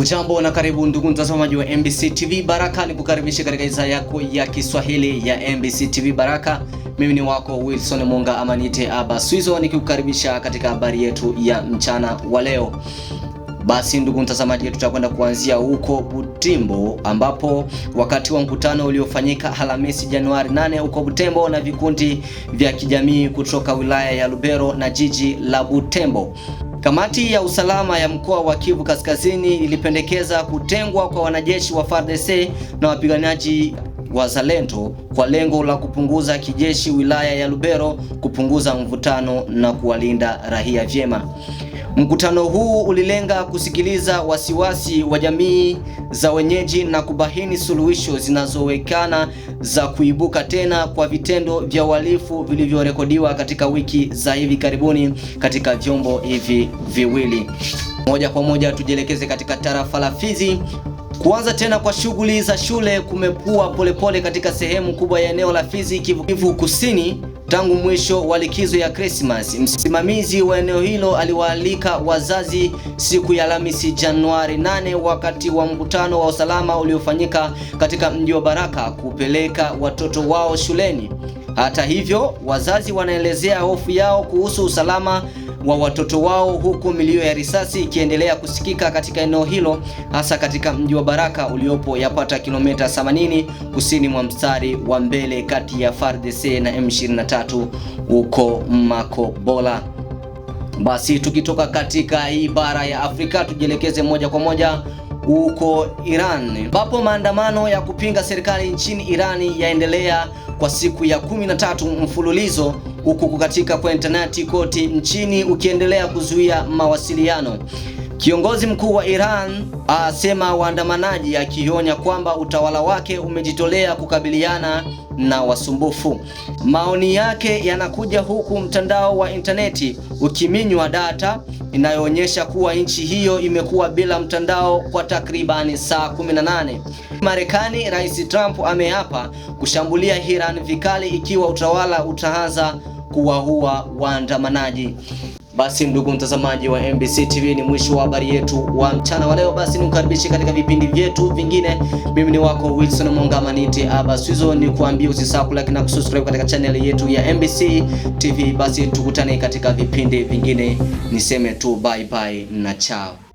Ujambo na karibu ndugu mtazamaji wa MBC TV Baraka, nikukaribisha katika idhaa yako ya Kiswahili ya MBC TV Baraka. Mimi ni wako Wilson Munga Amanite Aba Swizo, nikikukaribisha katika habari yetu ya mchana wa leo. Basi ndugu mtazamaji, tutakwenda kuanzia huko Butembo ambapo wakati wa mkutano uliofanyika Alhamisi Januari 8 huko Butembo na vikundi vya kijamii kutoka wilaya ya Lubero na jiji la Butembo Kamati ya usalama ya mkoa wa Kivu Kaskazini ilipendekeza kutengwa kwa wanajeshi wa FARDC na wapiganaji wazalendo kwa lengo la kupunguza kijeshi wilaya ya Lubero, kupunguza mvutano na kuwalinda raia vyema. Mkutano huu ulilenga kusikiliza wasiwasi wa jamii za wenyeji na kubaini suluhisho zinazowekana za kuibuka tena kwa vitendo vya uhalifu vilivyorekodiwa katika wiki za hivi karibuni katika vyombo hivi viwili. Moja kwa moja tujielekeze katika tarafa la Fizi. Kuanza tena kwa shughuli za shule kumepua polepole katika sehemu kubwa ya eneo la Fizi, Kivu Kusini Tangu mwisho wa likizo ya Krismasi, msimamizi wa eneo hilo aliwaalika wazazi siku ya Alhamisi Januari 8 wakati wa mkutano wa usalama uliofanyika katika mji wa Baraka kupeleka watoto wao shuleni. Hata hivyo, wazazi wanaelezea hofu yao kuhusu usalama wa watoto wao huku milio ya risasi ikiendelea kusikika katika eneo hilo hasa katika mji wa Baraka uliopo yapata kilomita 80 kusini mwa mstari wa mbele kati ya FARDC na M23 huko Makobola. Basi tukitoka katika hii bara ya Afrika tujielekeze moja kwa moja huko Iran, ambapo maandamano ya kupinga serikali nchini Irani yaendelea kwa siku ya 13 mfululizo huku kukatika kwa intaneti kote nchini ukiendelea kuzuia mawasiliano. Kiongozi mkuu wa Iran asema waandamanaji, akionya kwamba utawala wake umejitolea kukabiliana na wasumbufu. Maoni yake yanakuja huku mtandao wa intaneti ukiminywa data inayoonyesha kuwa nchi hiyo imekuwa bila mtandao kwa takribani saa 18. Marekani, Rais Trump ameapa kushambulia Iran vikali ikiwa utawala utaanza kuwaua waandamanaji. Basi ndugu mtazamaji wa MBC TV, ni mwisho wa habari yetu wa mchana wa leo. Basi nikukaribishe katika vipindi vyetu vingine. Mimi ni wako Wilson mongamaniti niti aba swizo, ni kuambia usisahau kulike na kusubscribe katika channel yetu ya MBC TV. Basi tukutane katika vipindi vingine, niseme tu bye bye na chao.